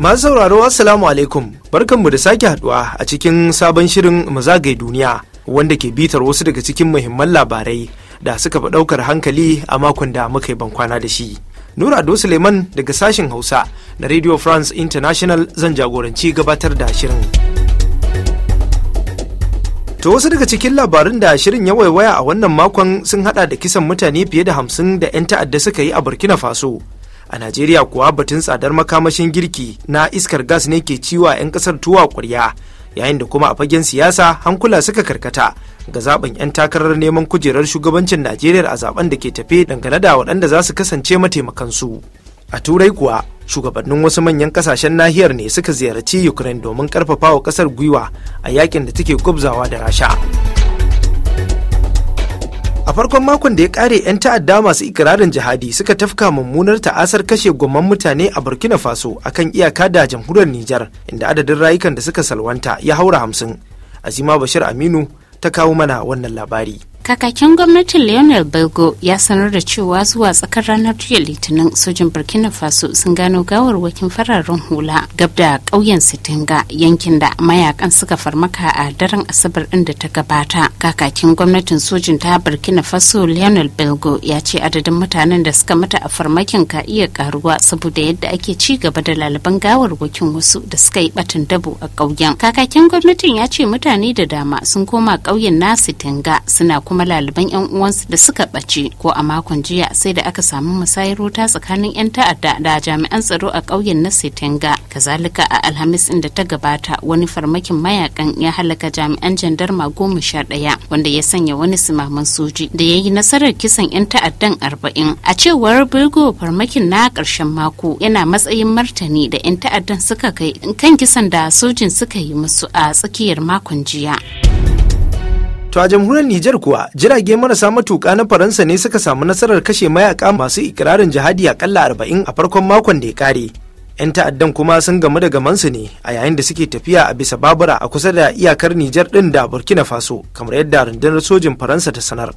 Masu sauraro Assalamu alaikum barkanmu da sake haduwa a cikin sabon shirin mazagai duniya wanda ke bitar wasu daga cikin muhimman labarai da suka fi daukar hankali a makon da muka yi bankwana da shi. Nura Ado Suleiman daga sashen Hausa na Radio France International zan jagoranci gabatar da shirin. To wasu daga cikin labarin da shirin ya waiwaya a wannan makon sun hada da kisan mutane fiye da hamsin da 'yan ta'adda suka yi a Burkina Faso a najeriya kuwa batun tsadar makamashin girki na iskar gas ne ke ciwa 'yan kasar tuwa ƙwarya yayin da kuma a fagen siyasa hankula suka karkata ga zaben 'yan takarar neman kujerar shugabancin najeriya a zaben da ke tafe dangane da waɗanda za su kasance mataimakan su. a turai kuwa shugabannin wasu manyan kasashen nahiyar ne suka ziyarci ukraine domin karfafa wa kasar gwiwa a yakin da take gwabzawa da rasha a farkon makon da ya kare 'yan ta'adda masu ikirarin jihadi suka tafka mummunar ta'asar kashe gwamman mutane a burkina faso akan iyaka da jamhuriyar nijar inda adadin rayukan da suka salwanta ya haura hamsin azima bashir aminu ta kawo mana wannan labari kakakin gwamnatin leonel belgo ya sanar da cewa zuwa tsakar ranar jiya litinin sojin burkina faso sun gano gawar gawarwakin fararen hula gab da ƙauyen sitinga yankin da mayakan suka farmaka a daren asabar ɗin da ta gabata kakakin gwamnatin sojin ta burkina faso leonel belgo ya ce adadin mutanen da suka mata a farmakin ka iya karuwa saboda yadda ake ci gaba da laliban gawar gawarwakin wasu da suka yi batin dabo a ƙauyen kakakin gwamnatin ya ce mutane da dama sun koma ƙauyen na sitinga suna kuma kuma laliban 'yan uwansu da suka ɓace ko a makon jiya sai da aka samu musayar wuta tsakanin 'yan ta'adda da jami'an tsaro a ƙauyen na setenga kazalika a alhamis inda ta gabata wani farmakin mayakan ya halaka jami'an jandarma goma sha ɗaya wanda ya sanya wani simaman soji da ya yi nasarar kisan 'yan ta'addan arba'in a cewar bilgo farmakin na ƙarshen mako yana matsayin martani da 'yan ta'addan suka kai kan kisan da sojin suka yi musu a tsakiyar makon jiya. To a jamhuriyar Nijar kuwa jirage marasa matuƙa na Faransa ne suka samu nasarar kashe mayaka masu ikirarin jihadi a kalla arba'in a farkon makon da ya kare. 'Yan ta'addan kuma sun gamu da gamansu ne a yayin da suke tafiya a bisa babura a kusa da iyakar Nijar ɗin da Burkina Faso kamar yadda rundunar sojin Faransa ta sanar.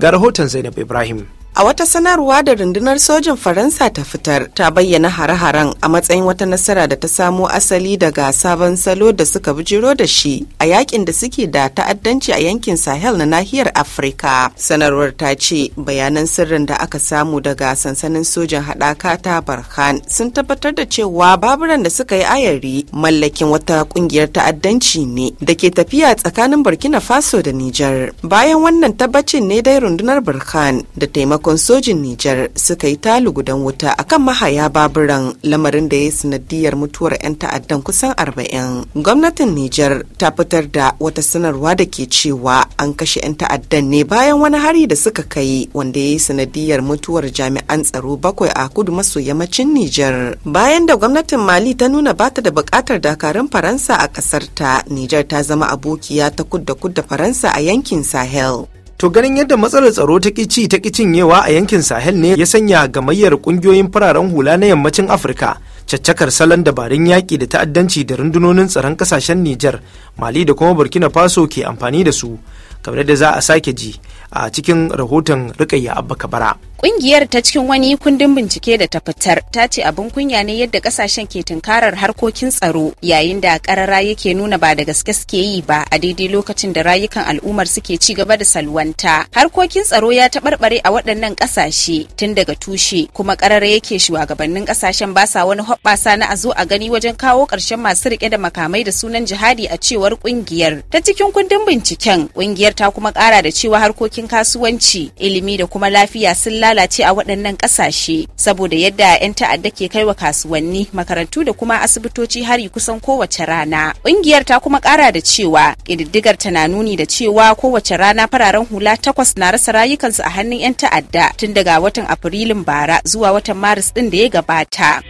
Ga rahoton Zainab Ibrahim. A wata sanarwa da rundunar sojin Faransa ta fitar ta bayyana hare-haren a matsayin wata nasara da ta samo asali daga sabon salo da suka bijiro da shi a yakin da suke da ta'addanci a yankin Sahel na nahiyar Afrika. Sanarwar ta ce bayanan sirrin da aka samu daga sansanin sojin haɗaka ta Barkhan sun tabbatar da cewa baburan da suka yi ayari mallakin wata kungiyar ta'addanci ne da ke tafiya tsakanin Burkina Faso da Nijar. Bayan wannan tabbacin ne dai rundunar Burkhan, da taimako sakamakon sojin Nijar suka yi talugudan wuta akan mahaya baburan lamarin da ya yi sanadiyar mutuwar 'yan ta'addan kusan 40. Gwamnatin Nijar ta fitar da wata sanarwa da ke cewa an kashe 'yan ta'addan ne bayan wani hari da suka kai wanda ya yi sanadiyar mutuwar jami'an tsaro bakwai a kudu maso yammacin Nijar. Bayan da gwamnatin Mali ta nuna bata da bukatar dakarun Faransa a ƙasarta, Nijar ta zama abokiya ta kudda kudda Faransa a yankin Sahel. To ganin yadda matsalar tsaro ta ƙici ta cinyewa a yankin Sahel ne ya sanya gamayyar ƙungiyoyin fararen hula na yammacin Afirka caccakar salon dabarun yaƙi da ta'addanci da rundunonin tsaron ƙasashen Nijar, Mali da kuma Burkina Faso ke amfani da su, kamar da za a sake ji a cikin rahoton Rukayya Abba Kabara. Ƙungiyar ta cikin wani kundin bincike da ta fitar ta ce abin kunya ne yadda ƙasashen ke tunkarar harkokin tsaro yayin da ƙarara yake nuna ba da gaske suke yi ba a daidai lokacin da rayukan al'ummar suke ci gaba da salwanta. Harkokin tsaro ya taɓarɓare a waɗannan ƙasashe tun daga tushe kuma ƙarara yake shugabannin ƙasashen ba sa wani hoɓɓasa na a zo a gani wajen kawo ƙarshen masu riƙe da makamai da sunan jihadi a cewar ƙungiyar. Ta cikin kundin binciken ƙungiyar ta kuma ƙara da cewa harkokin kasuwanci, ilimi da kuma lafiya sun lalace a waɗannan ƙasashe saboda yadda 'yan ta'adda ke kai wa kasuwanni makarantu da kuma asibitoci hari kusan kowace rana ƙungiyar ta kuma ƙara da cewa ƙididdigar ta na nuni da cewa kowace rana fararen hula takwas na rasa rayukansu a hannun 'yan ta'adda tun daga watan afrilun bara zuwa watan maris ɗin da ya gabata.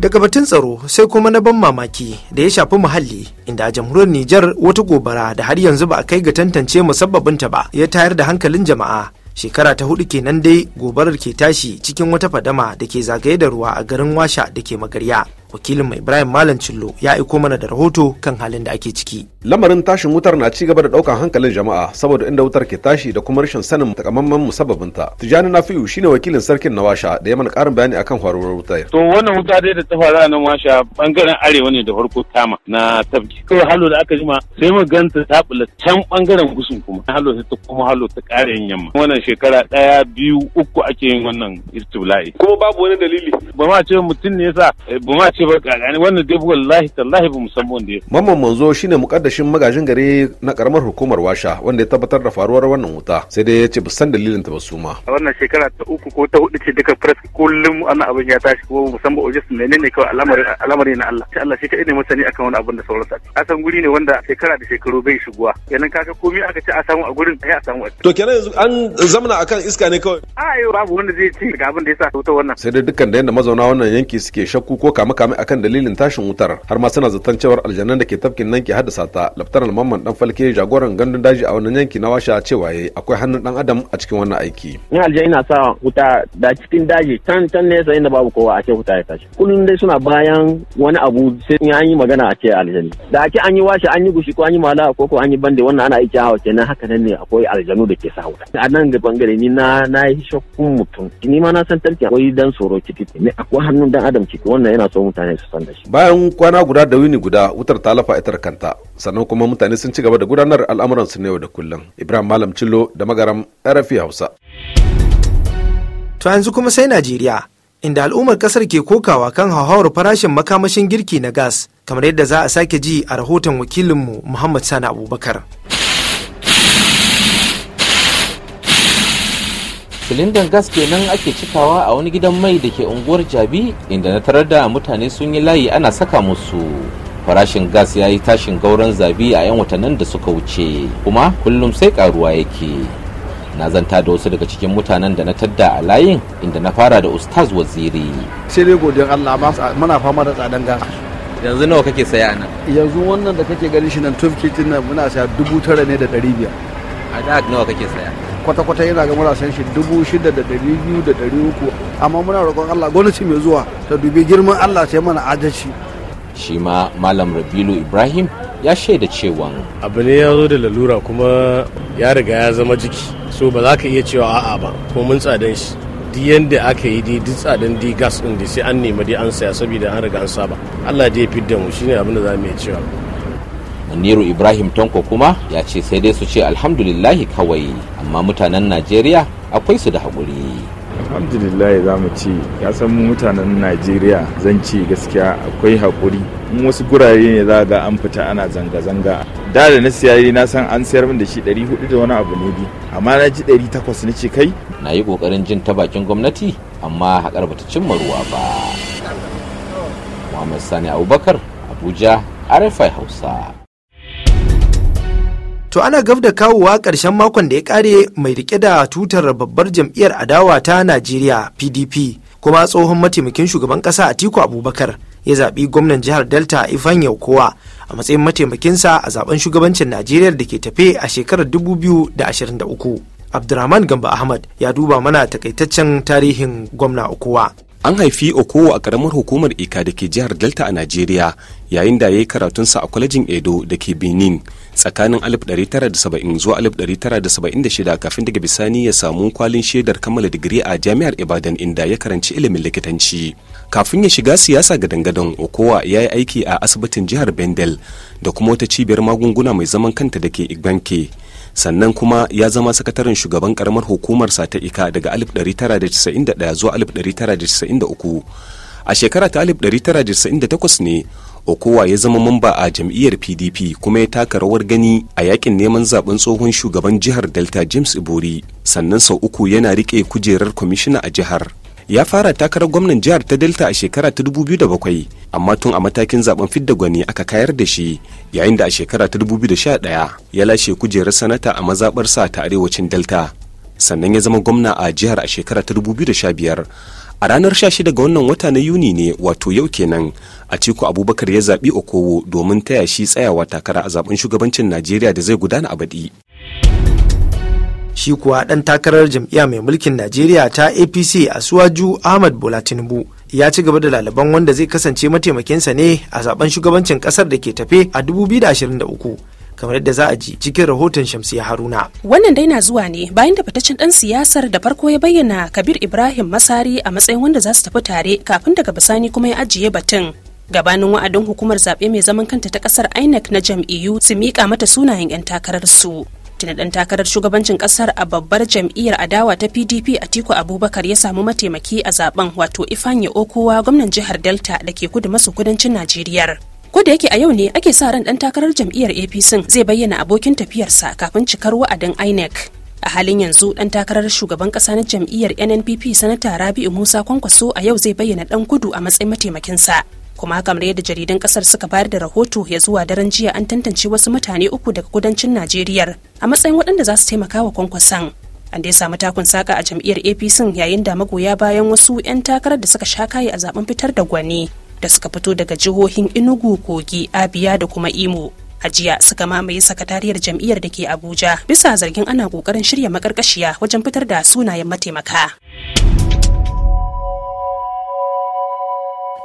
daga batun tsaro sai kuma na ban mamaki da ya shafi muhalli inda a jamhuriyar Nijar wata gobara da har yanzu ba a kai ga tantance musabbabinta ba ya tayar da hankalin jama'a shekara ta hudu kenan dai gobarar ke tashi cikin wata fadama da ke zagaye da ruwa a garin washa da ke magarya wakilin mai Ibrahim Malam Cillo ya aiko mana da rahoto kan halin da ake ciki. Lamarin tashin wutar na ci gaba da ɗaukar hankalin jama'a saboda inda wutar ke tashi da kuma rashin sanin takamaiman ta. Tijani Nafi'u shine wakilin sarkin na washa da ya mana ƙarin bayani akan faruwar wutar. To wannan wuta dai da ta faru a washa bangaren arewa ne da farko kama na tafki. Kawai halo da aka jima sai mu ganta ta bula can bangaren gusun kuma. Halo ta kuma halo ta kare yin yamma. Wannan shekara ɗaya biyu uku ake yin wannan istibla'i. Kuma babu wani dalili. Ba ma ce mutum ne yasa eh, ba ce ba kakani wannan dai wallahi tallahi ba musamman da mamman manzo shine mukaddashin magajin gari na karamar hukumar washa wanda ya tabbatar da faruwar wannan wuta sai dai ya ce ba san dalilin ta ba su ma a wannan shekara ta uku ko ta hudu ce duka press kullum ana abin ya tashi ko musamman ojis ne kawai al'amari na Allah sai Allah shi ka ne masani akan wani abin da sauransa a san guri ne wanda shekara da shekaru bai shiguwa kenan kaga komai aka ce a samu a gurin sai a samu to kenan yanzu an zamana akan iska ne kawai a yau babu wanda zai ce ga abin da yasa ta wannan sai dai dukkan da yanda mazauna wannan yanki suke shakku ko kama makamai akan dalilin tashin wutar har ma suna zaton cewar aljannan da ke tafkin nan ke haddasa ta laftanar mamman dan falke jagoran gandun daji a wannan yanki na washa cewa yayi akwai hannun dan adam a cikin wannan aiki ni aljai na sa wuta da cikin daji tan tan sai inda babu kowa a ce wuta ya tashi kullun dai suna bayan wani abu sai an yi magana a ce aljani da ake an yi washa an yi gushi ko an yi mala ko ko an yi bande wannan ana iya hawa kenan haka nan ne akwai aljanu da ke sa wuta a nan ga bangare ni na na yi shakkun mutum ni ma na san tarki akwai dan tsoro kiti ne akwai hannun dan adam kiti wannan yana so mutane su san da shi bayan kwana guda da wuni guda wutar ta lafa itar kanta sannan kuma mutane sun ci gaba da gudanar al'amuran su yau da kullum ibrahim malam cillo da magaram rfi hausa to yanzu kuma sai najeriya inda al'ummar kasar ke kokawa kan hauhawar farashin makamashin girki na gas kamar yadda za a sake ji a rahoton wakilinmu muhammad sani abubakar silindan gas kenan ake cikawa a wani gidan mai da ke unguwar jabi inda na tarar da mutane sun yi layi ana saka musu farashin gas ya yi tashin gauran zabi a 'yan watannin da suka wuce kuma kullum sai karuwa yake na zanta da wasu daga cikin mutanen da na tadda a layin inda na fara da ustaz waziri sai dai godiyar allah muna fama da tsadan gas yanzu nawa kake saya nan yanzu wannan da kake gani shi nan tufkitin nan muna saya dubu tara ne da ɗari biyar a da nawa kake saya kwata-kwata yana ga muna san shi dubu shida da dari biyu da dari uku amma muna roƙon Allah gwamnati mai zuwa ta dubi girman Allah ta mana adalci shi ma malam rabilu ibrahim ya shaida cewa abu ne ya zo da lalura kuma ya riga ya zama jiki so ba za ka iya cewa a'a ba ko mun tsadan shi duk yadda aka yi di duk tsadan di gas din da sai an nemi di an saya saboda an riga an saba Allah da ya fidda mu shine abin da za mu iya cewa niru ibrahim tanko kuma ya ce sai dai su ce alhamdulillahi kawai amma mutanen najeriya akwai su da haƙuri alhamdulillah za mu ci ya san mutanen najeriya zan ci gaskiya akwai haƙuri in wasu gurare ne za ga an fita ana zanga-zanga da da na siya na san an siyar min da shi 400 da wani abu ne bi amma na ji ɗari takwas na ce kai na yi ƙoƙarin jin ta bakin gwamnati amma haƙar bata cimma ruwa ba muhammad sani abubakar abuja rfi hausa To ana gab da kawowa ƙarshen makon da ya ƙare mai rike da tutar babbar jam'iyyar adawa ta Najeriya PDP kuma tsohon mataimakin shugaban ƙasa Atiku Abubakar ya zaɓi gwamnan jihar Delta Ifan Yaukowa a matsayin mataimakinsa a zaben shugabancin Najeriya da ke tafe a shekarar 2023. Abdurrahman Gamba Ahmad ya duba mana takaitaccen tarihin gwamna Okowa. An haifi Okowo a ƙaramar hukumar Ika da ke jihar Delta a Najeriya yayin da ya yi karatunsa a kwalejin Edo da ke Benin. tsakanin 1970 zuwa 1976 kafin daga bisani ya samu kwalin shaidar kammala digiri a jami'ar ibadan inda ya karanci ilimin likitanci kafin ya shiga siyasa ga gadangadan okowa ya yi aiki a asibitin jihar bendel da kuma wata cibiyar magunguna mai zaman kanta da ke igbanke sannan kuma ya zama sakataren shugaban karamar sa ta ika daga 1991 zuwa 1993 a shekara ta 1998 ne Okowa ya zama mamba a jam'iyyar PDP kuma ya taka rawar gani a yakin neman zaben tsohon shugaban jihar Delta James Ibori sannan sau uku yana rike kujerar kwamishina a jihar. Ya fara takarar gwamnan jihar ta Delta a shekara ta 2007 amma tun a matakin zaben fidda gwani aka kayar da shi yayin da a shekara ta 2011 ya lashe kujerar sanata a mazaɓarsa ta arewacin Delta sannan ya zama gwamna a jihar a shekara ta 2015 a ranar 16 ga wannan wata na yuni ne wato yau kenan a ciko abubakar ya zaɓi okowo domin taya shi tsayawa takara a zaben shugabancin najeriya da zai gudana a baɗi shi kuwa ɗan takarar jam'iyya mai mulkin najeriya ta apc a suwaju ahmad bola tinubu ya ci gaba da lalaban wanda zai kasance mataimakinsa ne a zaben shugabancin ƙasar da ke tafe a 2023 kamar yadda za a ji cikin rahoton Shamsiya Haruna. Wannan dai na zuwa ne bayan da fitaccen dan siyasar da farko ya bayyana Kabir Ibrahim Masari a matsayin wanda za su tafi tare kafin daga bisani kuma ya ajiye batun. gabanin wa'adin hukumar zaɓe mai zaman kanta ta ƙasar inec na jam'iyyu su miƙa mata sunayen 'yan takararsu tuna ɗan takarar shugabancin ƙasar a babbar jam'iyyar adawa ta pdp a atiku abubakar ya samu mataimaki a zaben wato ifanye okowa gwamnan jihar delta da ke kudu maso kudancin najeriya ko da yake a yau ne ake sa ran dan takarar jam'iyyar apc zai bayyana abokin tafiyarsa kafin cikar wa'adin inec a halin yanzu dan takarar shugaban kasa na jam'iyyar nnpp sanata rabi'u musa kwankwaso a yau zai bayyana dan gudu a matsayin mataimakin sa kuma kamar yadda jaridan kasar suka bayar da rahoto ya zuwa daren jiya an tantance wasu mutane uku daga kudancin najeriya a matsayin waɗanda za su taimaka wa kwankwason an dai samu takun saka a jam'iyyar apc yayin da magoya bayan wasu 'yan takarar da suka sha kaye a zaben fitar da gwani da suka fito daga jihohin inugu Kogi, Abia da kuma Imo. a jiya suka mamaye sakatariyar jam'iyyar da ke abuja bisa zargin ana kokarin shirya makarkashiya wajen fitar da sunayen mataimaka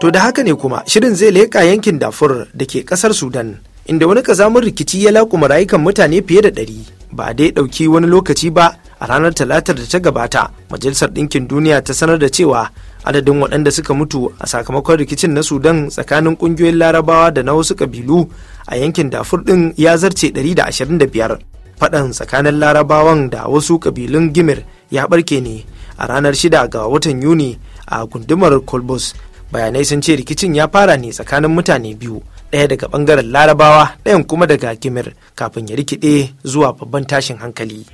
to da haka ne kuma shirin zai leƙa yankin dafur da ke ƙasar sudan inda wani ƙazamin rikici ya laƙuma rayukan mutane fiye da ɗari ba dai ɗauki wani lokaci ba a ranar talatar da ta gabata majalisar ɗinkin duniya ta sanar da cewa adadin waɗanda suka mutu a sakamakon rikicin na sudan tsakanin ƙungiyoyin larabawa da na wasu ƙabilu a yankin dafur ɗin ya zarce 125 faɗan tsakanin larabawan da wasu ƙabilun gimir ya ɓarke ne a ranar 6 ga watan yuni a gundumar kolbos bayanai sun ce rikicin ya fara ne tsakanin mutane biyu ɗaya daga ɓangaren larabawa ɗayan kuma daga gimir kafin ya rikide zuwa babban tashin hankali.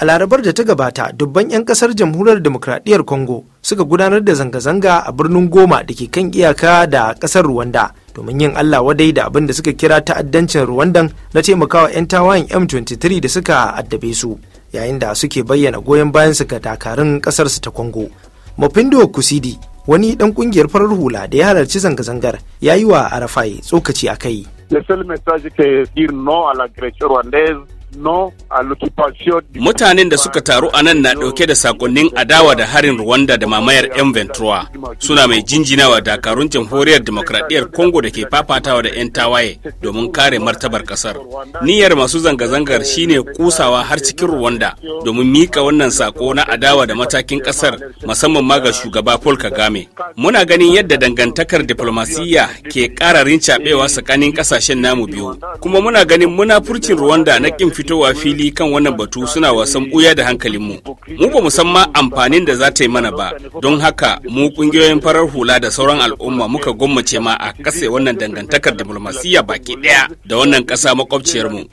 A larabar da ta gabata dubban 'yan kasar jamhuriyar demokradiyyar Congo suka gudanar da zanga-zanga a birnin Goma da ke kan iyaka da kasar Rwanda domin yin Allah wadai da abin da suka kira ta'addancin Rwandan na taimakawa 'yan tawayen M23 da suka addabe su yayin da suke bayyana goyon bayan su ga dakarun kasar su ta Congo. Mafindo Kusidi wani dan kungiyar farar hula da ya halarci zanga-zangar ya yi wa Arafai tsokaci a kai. Le seul Mutanen da suka taru a nan na ɗauke da sakonnin adawa da harin Rwanda da mamayar 'yan 23 suna mai jinjinawa dakarun jamhuriyar demokradiyyar Congo da ke fafatawa da 'yan tawaye domin kare martabar ƙasar. Niyyar masu zanga-zangar shine kusawa har cikin Rwanda domin mika wannan sako na adawa da matakin ƙasar musamman ma ga shugaba Paul Kagame. Muna ganin yadda dangantakar diplomasiyya ke ƙararin rincaɓewa tsakanin ƙasashen namu biyu kuma muna ganin munafurcin Rwanda na ƙin fitowa fili kan wannan batu suna wasan buya da hankalinmu mu ba mu san ma amfanin da za ta yi mana ba don haka mu ƙungiyoyin farar hula da sauran al'umma muka gwammace ma a kase wannan dangantakar diplomasiya baki daya da wannan kasa makwabciyarmu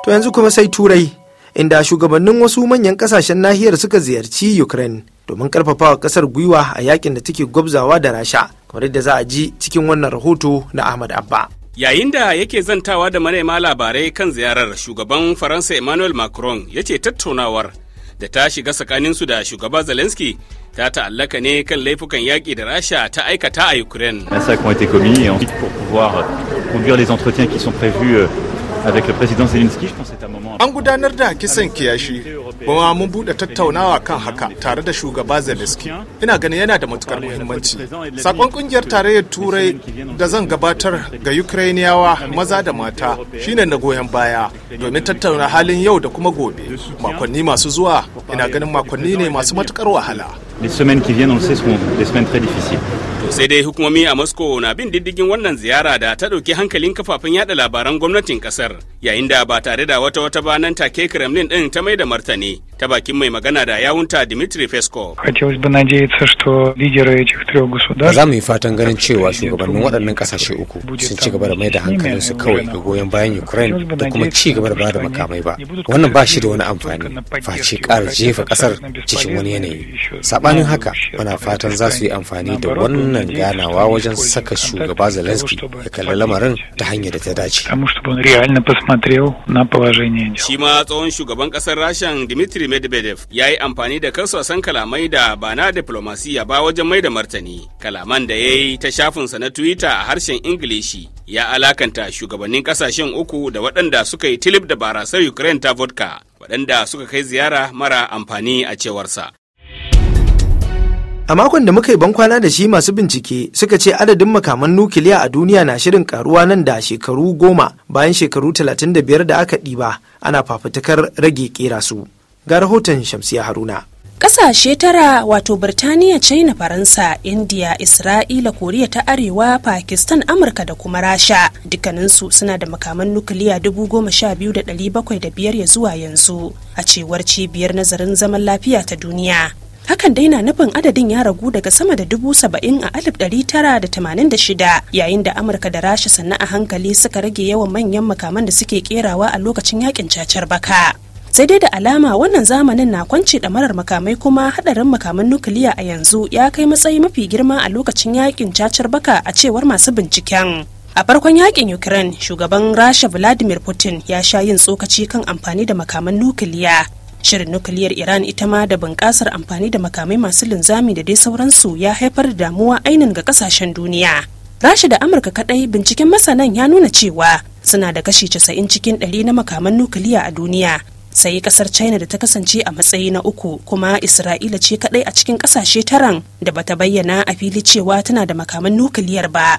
To yanzu kuma sai Turai, inda shugabannin wasu manyan kasashen nahiyar suka ziyarci Ukraine domin karfafawa kasar gwiwa a yakin da take gwabzawa da Rasha kamar yadda za a ji cikin wannan rahoto na ahmad abba yayin da yake zantawa da manema labarai kan ziyarar shugaban faransa emmanuel macron ya ce tattaunawar da ta shiga tsakaninsu da shugaba zelensky ta ta'allaka ne kan laifukan yaƙi da rasha ta aikata a ukraine An gudanar da kisan kiyashi, kuma mun bude tattaunawa kan haka tare da shugaba Zelensky. Ina ganin yana da matukar muhimmanci. Sakon kungiyar tarayyar Turai da zan gabatar ga Ukrainiyawa maza da mata shine na goyon baya domin tattauna halin yau da kuma gobe. Makonni masu zuwa, ina ganin makonni ne masu matukar wahala. Les semaines qui viennent, on le sait, sont des semaines très difficiles. To sai dai hukumomi a Moscow na bin diddigin wannan ziyara da ta ɗauki hankalin kafafen yada labaran gwamnatin kasar yayin da ba tare da wata wata ba nan take Kremlin ɗin ta mai da martani ta bakin mai magana da yawunta Dmitry Peskov. Za mu yi fatan ganin cewa shugabannin waɗannan ƙasashe uku sun ci gaba da mai da hankalinsu kawai ga goyon bayan Ukraine da kuma ci gaba da ba makamai ba. Wannan ba shi da wani amfani face ƙara jefa ƙasar cikin wani yanayi. saɓanin haka muna fatan za su yi amfani da wannan ganawa wajen saka shugaba zelensky ya kalli lamarin ta hanyar da ta dace shi ma tsohon shugaban kasar rashan dmitry medvedev ya yi amfani da kasuwasan kalamai da ba na diplomasiya ba wajen mai da martani kalaman da ya yi ta shafinsa na twitter a harshen ingilishi ya alakanta shugabannin kasashen uku da waɗanda suka yi tilib da barasar ukraine ta vodka waɗanda suka kai ziyara mara amfani a cewarsa A makon da muka yi bankwana da shi masu bincike suka ce adadin makaman nukiliya a duniya na shirin karuwa nan da shekaru goma bayan shekaru 35 da aka ɗiba ana fafutukar rage kera su. Ga rahoton Shamsiya Haruna. Ƙasashe tara wato Birtaniya, China, Faransa, India, Isra'ila, Koriya ta Arewa, Pakistan, Amurka da kuma Rasha. Dukkaninsu suna da makaman nukiliya dubu goma sha biyu da ɗari bakwai da biyar ya zuwa yanzu a cewar cibiyar nazarin zaman lafiya ta duniya. hakan dai na nufin adadin ya ragu daga sama da dubu saba'in a alif ɗari tara da tamanin da shida yayin da amurka da rasha sannan a hankali suka rage yawan manyan makaman da suke kerawa a lokacin yakin cacar baka sai dai da alama wannan zamanin na kwance ɗamarar makamai kuma haɗarin makaman nukiliya a yanzu ya kai matsayi mafi girma a lokacin yakin cacar baka a cewar masu binciken a farkon yakin ukraine shugaban rasha vladimir putin ya sha yin tsokaci kan amfani da makaman nukiliya shirin nukiliyar iran ita ma da bunƙasar amfani da makamai masu linzami da dai sauransu ya haifar da damuwa ainin ga kasashen duniya rasha da amurka kadai binciken masanan ya nuna cewa suna da kashi casa'in cikin ɗari na makaman nukiliya a duniya sai kasar china da ta kasance a matsayi na uku kuma isra'ila ce kadai a cikin ƙasashe taran da bata bayyana a fili cewa tana da makaman nukiliyar ba.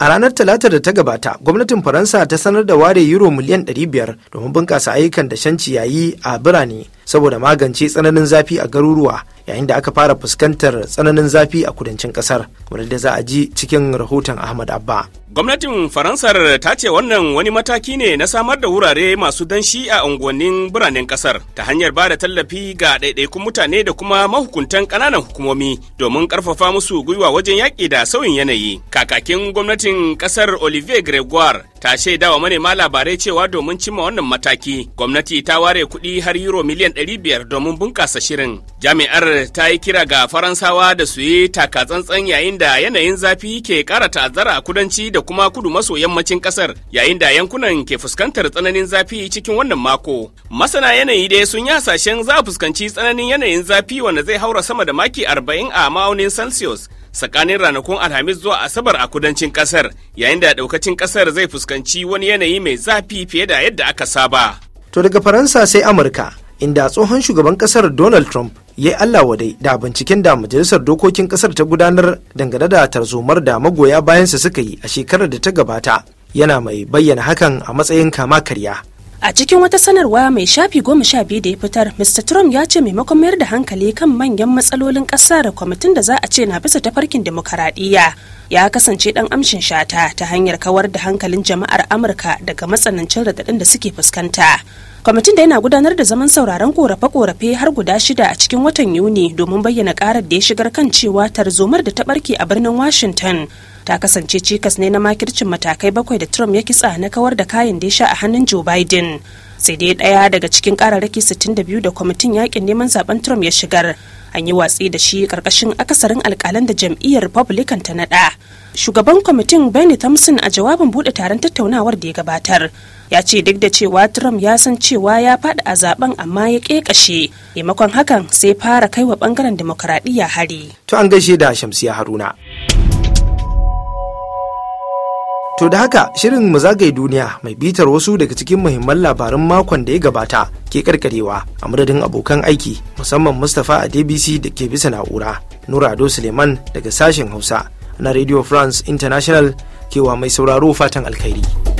A ranar talatar da ta gabata, gwamnatin Faransa ta sanar da ware euro miliyan 500 domin bunƙasa ayyukan da shanci ciyayi a birane saboda magance tsananin zafi a garuruwa yayin da aka fara fuskantar tsananin zafi a kudancin kasar wadda za a ji cikin rahoton ahmad abba gwamnatin faransar ta ce wannan wani mataki ne na samar da wurare masu danshi a unguwannin biranen kasar ta hanyar ba da tallafi ga ɗaiɗaikun mutane da kuma mahukuntan ƙananan hukumomi domin ƙarfafa musu gwiwa wajen yaƙi da sauyin yanayi kakakin gwamnatin kasar olivier gregoire ta shaidawa manema labarai cewa domin cimma wannan mataki gwamnati ta ware kuɗi har yuro miliyan 500 domin bunƙasa shirin jami'ar ta yi kira ga Faransawa da su yi takatsantsan yayin da yanayin zafi ke ƙara ta'azzara a kudanci da kuma kudu maso yammacin kasar yayin da yankunan ke fuskantar tsananin zafi cikin wannan mako. Masana yanayi dai sun yi hasashen za a fuskanci tsananin yanayin zafi wanda zai haura sama da maki arba'in a ma'aunin Celsius. tsakanin ranakun alhamis zuwa asabar a kudancin kasar yayin da daukacin kasar zai fuskanci wani yanayi mai zafi fiye da yadda aka saba. To daga Faransa sai Amurka inda tsohon shugaban kasar Donald Trump ya yi Allah wadai da binciken da majalisar dokokin kasar ta gudanar dangane da tarzomar da magoya bayansa suka yi a shekarar da ta gabata yana mai bayyana hakan a matsayin kama karya. a cikin wata sanarwa mai shafi goma sha biyu da ya fitar mr trump ya ce maimakon mayar da hankali kan manyan matsalolin ƙasa da kwamitin da za a ce na bisa tafarkin demokaradiyya ya kasance ɗan amshin shata ta hanyar kawar da hankalin jama'ar amurka daga matsanancin radadin da suke fuskanta kwamitin da yana gudanar da zaman sauraron korafe-korafe har guda shida a cikin watan yuni domin bayyana ƙarar da ya shigar kan cewa tarzomar da ta ɓarke a birnin washington ta kasance cikas ne na makircin matakai bakwai da trump ya kitsa na kawar da kayan da ya sha a hannun joe biden sai dai daya daga cikin kararraki 62 da kwamitin yakin neman zaben trump ya shigar an yi watsi da shi karkashin akasarin alkalan da jam'iyyar republican ta naɗa shugaban kwamitin benny thompson a jawabin bude taron tattaunawar da ya gabatar ya ce duk da cewa trump ya san cewa ya faɗi a zaben amma ya kekashe maimakon hakan sai fara kai wa bangaren demokradiyya hari to an gaishe da shamsiya haruna To da haka shirin mu zagaye duniya mai bitar wasu daga cikin muhimman labarin makon da ya gabata ke karkarewa a madadin abokan aiki musamman Mustapha a DBC da ke bisa na'ura. nurado Suleiman daga sashen Hausa na Radio France International kewa mai sauraro fatan alkhairi.